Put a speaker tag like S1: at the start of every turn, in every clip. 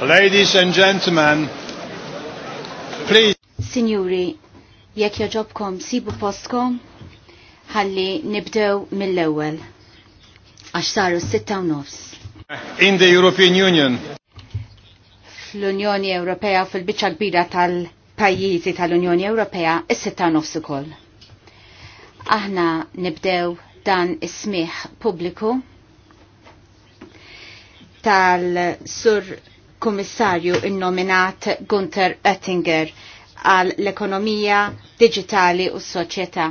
S1: Ladies and gentlemen, please. Signori, jekk joġobkom sibu postkom, ħalli nibdew mill ewel għax s-sitta u nofs. In the European Union. Fl-Unjoni Ewropea fil-biċċa kbira tal-pajjiżi tal-Unjoni Ewropea is-sitta nofs ukoll. Aħna nibdew dan is-smieħ pubbliku tal-Sur Kummissarju innominat Gunther Oettinger għal l-ekonomija digitali u s-soċjetà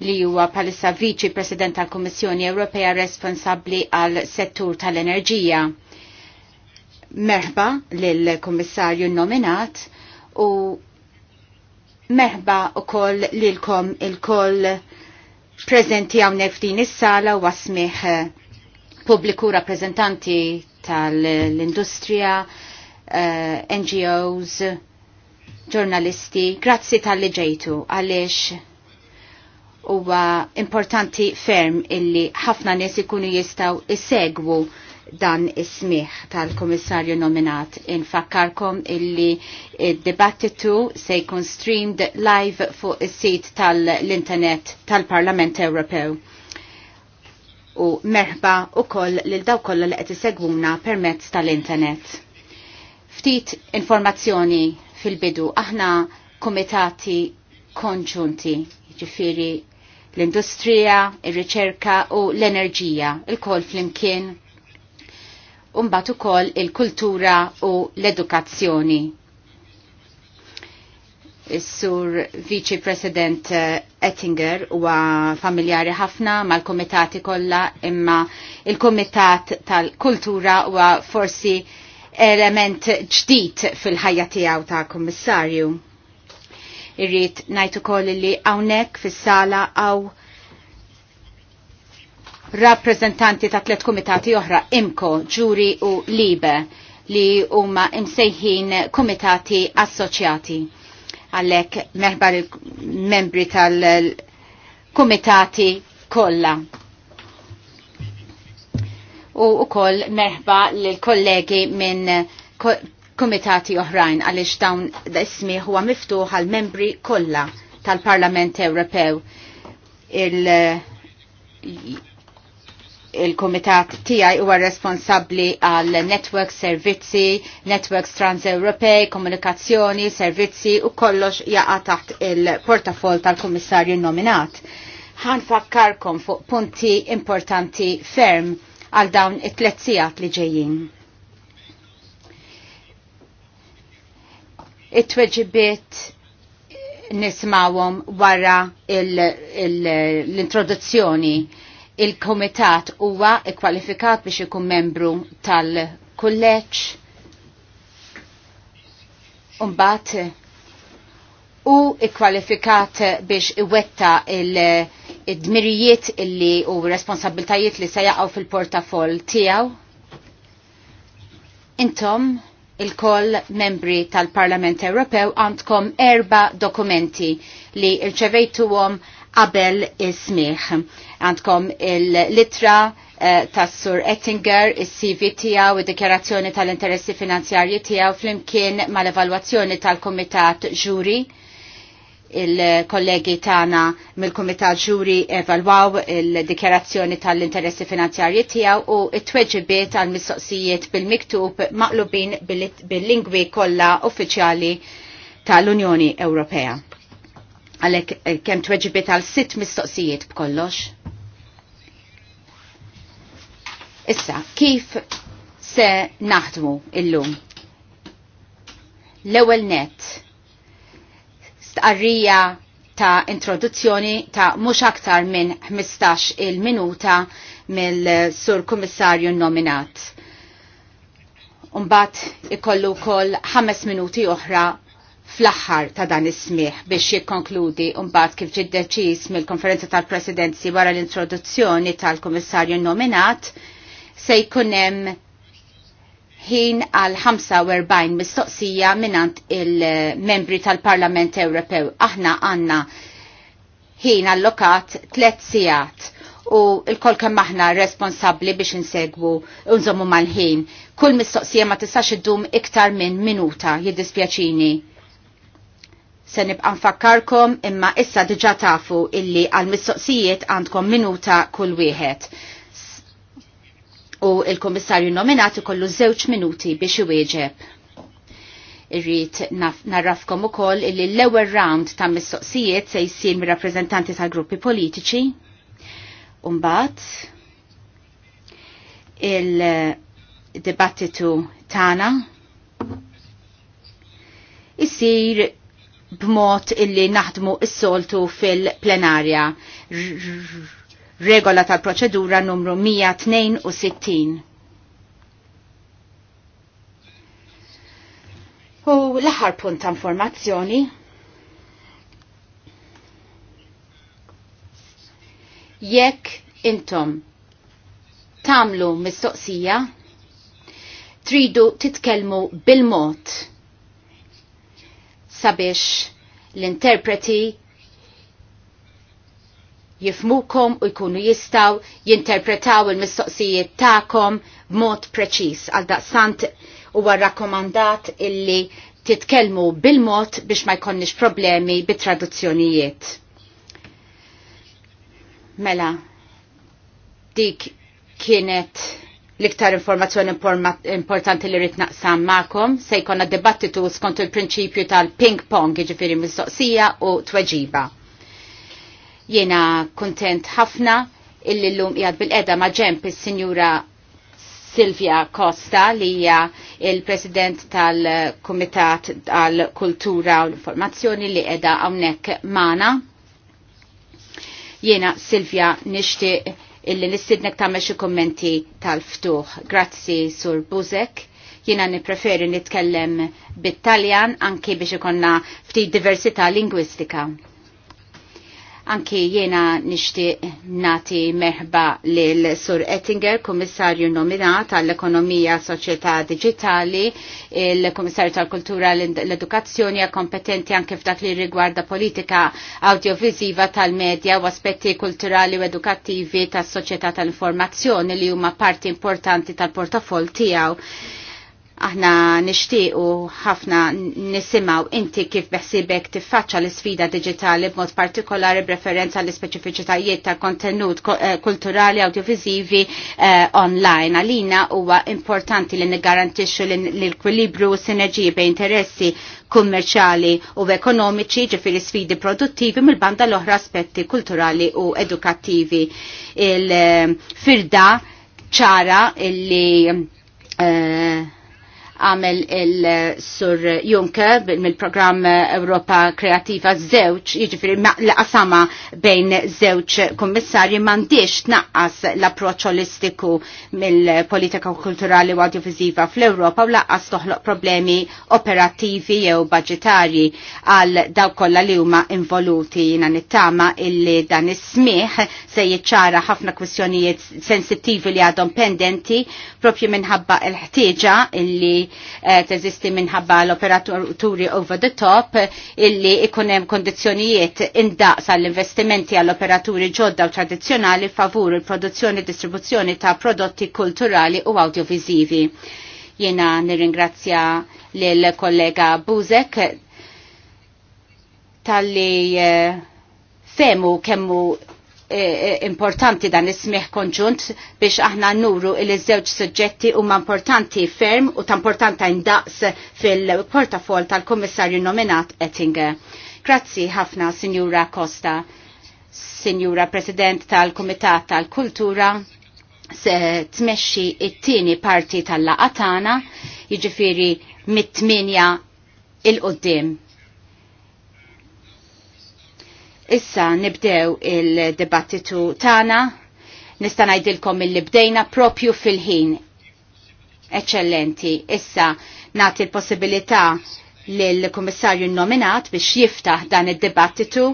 S1: li huwa palissa viċi President tal-Kummissjoni Ewropea responsabbli għal settur tal-enerġija. Merħba lill-Kummissarju nominat u merħba u koll l-kom il-koll prezenti għawnek f'din is-sala u għasmiħ publiku rappresentanti tal-industrija, uh, eh, NGOs, ġurnalisti. Grazzi tal-li ġejtu għalix huwa importanti ferm illi ħafna nies ikunu jistgħu isegwu dan ismiħ tal-komissarju nominat. Infakkarkom illi id-dibattitu se jkun streamed live fuq is-sit tal-internet tal-Parlament Ewropew. U merħba u koll lil daw kollha li qed isegwuna permezz tal-internet. Ftit informazzjoni fil-bidu aħna komitati konġunti, ġifiri l-industrija, ir-riċerka u l-enerġija, il-kol flimkien, umbat ukoll il-kultura u l-edukazzjoni. Is-sur Vice President eh, Ettinger huwa familjari ħafna mal-komitati kollha imma il-komitat tal-kultura huwa forsi element ġdid fil-ħajja tiegħu ta' kummissarju. Irrid ngħid ukoll li hawnhekk fis-sala għaw rappreżentanti ta' tliet kumitati oħra imko, ġuri u libe li huma imsejħin kumitati assoċjati. Għalhekk meħbar membri tal-kumitati kollha u u koll meħba l-kollegi minn komitati oħrajn għaliex dawn ismi huwa miftuħ għal membri kollha tal-Parlament Ewropew il il tiegħi tijaj huwa responsabli għal network servizzi, networks trans-Ewropej, komunikazzjoni, servizzi u kollox jaqa taħt il-portafol tal-komissarju nominat. Ħan fakkarkom fuq punti importanti ferm għal dawn it-tletzijat li ġejjin. it-tweġibiet nismawhom wara l-introduzzjoni. Il Il-komitat huwa ikkwalifikat biex ikun membru tal-kulleġġ. Umbat u ikkwalifikat biex iwetta il-dmirijiet illi u responsabiltajiet li se jaqgħu fil-portafol tiegħu. Intom, il-koll membri tal-Parlament Ewropew għandkom erba dokumenti li rċevejtuhom qabel is-smieħ. Għandkom il-litra eh, tas Sur Ettinger, is-CV tiegħu u dikjarazzjoni tal-interessi finanzjarji tiegħu flimkien mal-evalwazzjoni tal-Kumitat Ġuri il-kollegi tana mill-Kumitat Ġuri evalwaw il-dikjarazzjoni tal-interessi finanzjarji tiegħu u it-tweġibiet għal mistoqsijiet bil-miktub maqlubin bil-lingwi kollha uffiċjali tal-Unjoni Ewropea. Għalek eh, kem tweġibiet għal sitt mistoqsijiet b'kollox. Issa, kif se naħdmu illum? L-ewel net stqarrija ta' introduzzjoni ta' mhux aktar minn 15 il-minuta mill-sur kummissarju nominat. Umbat ikollu kol 5 minuti oħra fl-axħar ta' dan ismiħ biex jikkonkludi umbat kif ġiddeċis mill-konferenza tal-presidenzi wara l-introduzzjoni tal-komissarju nominat se hemm ħin għal 45 mistoqsija minant il-membri tal-Parlament Ewropew. Aħna għanna ħin allokat tlet sijat u il-kol kemm aħna responsabli biex insegwu unżommu mal-ħin. Kull mistoqsija ma tistax iddum iktar minn minuta jiddispjaċini. Se nibqa' nfakkarkom imma issa diġà tafu illi għal mistoqsijiet għandkom minuta kull wieħed u il-komissarju nominati kollu żewġ minuti biex iwieġeb. Irrid narrafkom ukoll illi l-ewwel round ta' mistoqsijiet se jsir mir-rappreżentanti tal-gruppi politiċi. Umbagħad il-dibattitu tagħna isir b'mod illi naħdmu s-soltu fil-plenarja regola tal-proċedura numru 162. U l-aħħar punt ta' informazzjoni jekk intom tamlu mistoqsija tridu titkellmu bil-mod sabiex l-interpreti jifmukom u jkunu jistaw jinterpretaw il-mistoqsijiet ta'kom b'mod preċis għal daqsant u rakkomandat illi titkellmu bil-mod biex ma jkonniex problemi bit-traduzzjonijiet. Mela, dik kienet l-iktar informazzjoni importanti li rrit naqsam ma'kom se jkonna dibattitu skont il-prinċipju tal-ping pong iġifiri mistoqsija u tweġiba. Jena kontent ħafna illi l-lum jgħad bil-edha maġemp il-Sinjura Silvia Costa li hija il-President tal-Kumitat tal-Kultura u l-Informazzjoni li edha hawnhekk mana. Jena Silvia nishti illi nistidnek ta' xi kummenti tal-ftuħ. Grazzi Sur Buzek. Jiena nippreferi nitkellem bit-Taljan anki biex ikonna ftit diversità lingwistika. Anki jiena nixtieq nati meħba lil Sur Ettinger, Kummissarju nominat għall-Ekonomija Soċjetà Digitali, il-Kummissarju tal-Kultura l-Edukazzjoni kompetenti anke f'dak li rigwarda politika audiovisiva tal-medja u aspetti kulturali u edukattivi tas-soċjetà tal-informazzjoni li huma parti importanti tal-portafol tiegħu Aħna nishtiqu ħafna nisimaw inti kif beħsibek tiffaċċa l-sfida digitali b'mod partikolari b'referenza l speċifiċitajiet ta' kontenut eh, kulturali audiovisivi eh, online. Għalina huwa importanti li nigarantixxu l-ekwilibru u sinerġiji bejn interessi kummerċali u ekonomiċi ġifiri sfidi produttivi mill-banda l-oħra aspetti kulturali u edukattivi. Il-firda eh, ċara illi eh, għamel il-sur Juncker mill-programm Europa Kreativa zewċ, jġifiri l-qasama bejn zewċ kommissarji mandiex tnaqqas l-approċ holistiku mill-politika kulturali u audiovisiva fl-Europa u laqqas toħloq problemi operativi jew budgetari għal daw kollha li huma involuti jina nittama illi dan is-smieħ se jiċċara ħafna kwistjonijiet sensittivi li għadhom pendenti propju minħabba l-ħtieġa illi Eh, teżisti minħabba l-operaturi over the top illi ikunem kondizjonijiet indaqs għall-investimenti għall-operaturi ġodda u tradizjonali favur il-produzzjoni e distribuzzjoni ta' prodotti kulturali u audiovisivi. Jena nirringrazzja l-kollega Buzek tal-li eh, femu kemmu E, e, importanti dan ismiħ konġunt biex aħna nuru il żewġ suġġetti huma importanti ferm u ta' importanta indaqs fil-portafol tal-Kommissarju nominat Ettinger. Grazzi ħafna, Signora Costa, Signora President tal-Kumitat tal-Kultura, se tmexxi it-tieni parti tal-laqatana, jiġifieri mit-tminja il-qoddim Issa nibdew il-debattitu tana. Nista' ngħidilkom li bdejna propju fil-ħin. Eċċellenti. Issa nagħti l-possibilità lill-kummissarju nominat biex jiftaħ dan id debattitu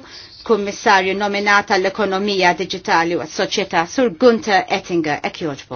S1: kummissarju nominat għall-ekonomija digitali u s-soċjetà Sur Gunter Ettinger ek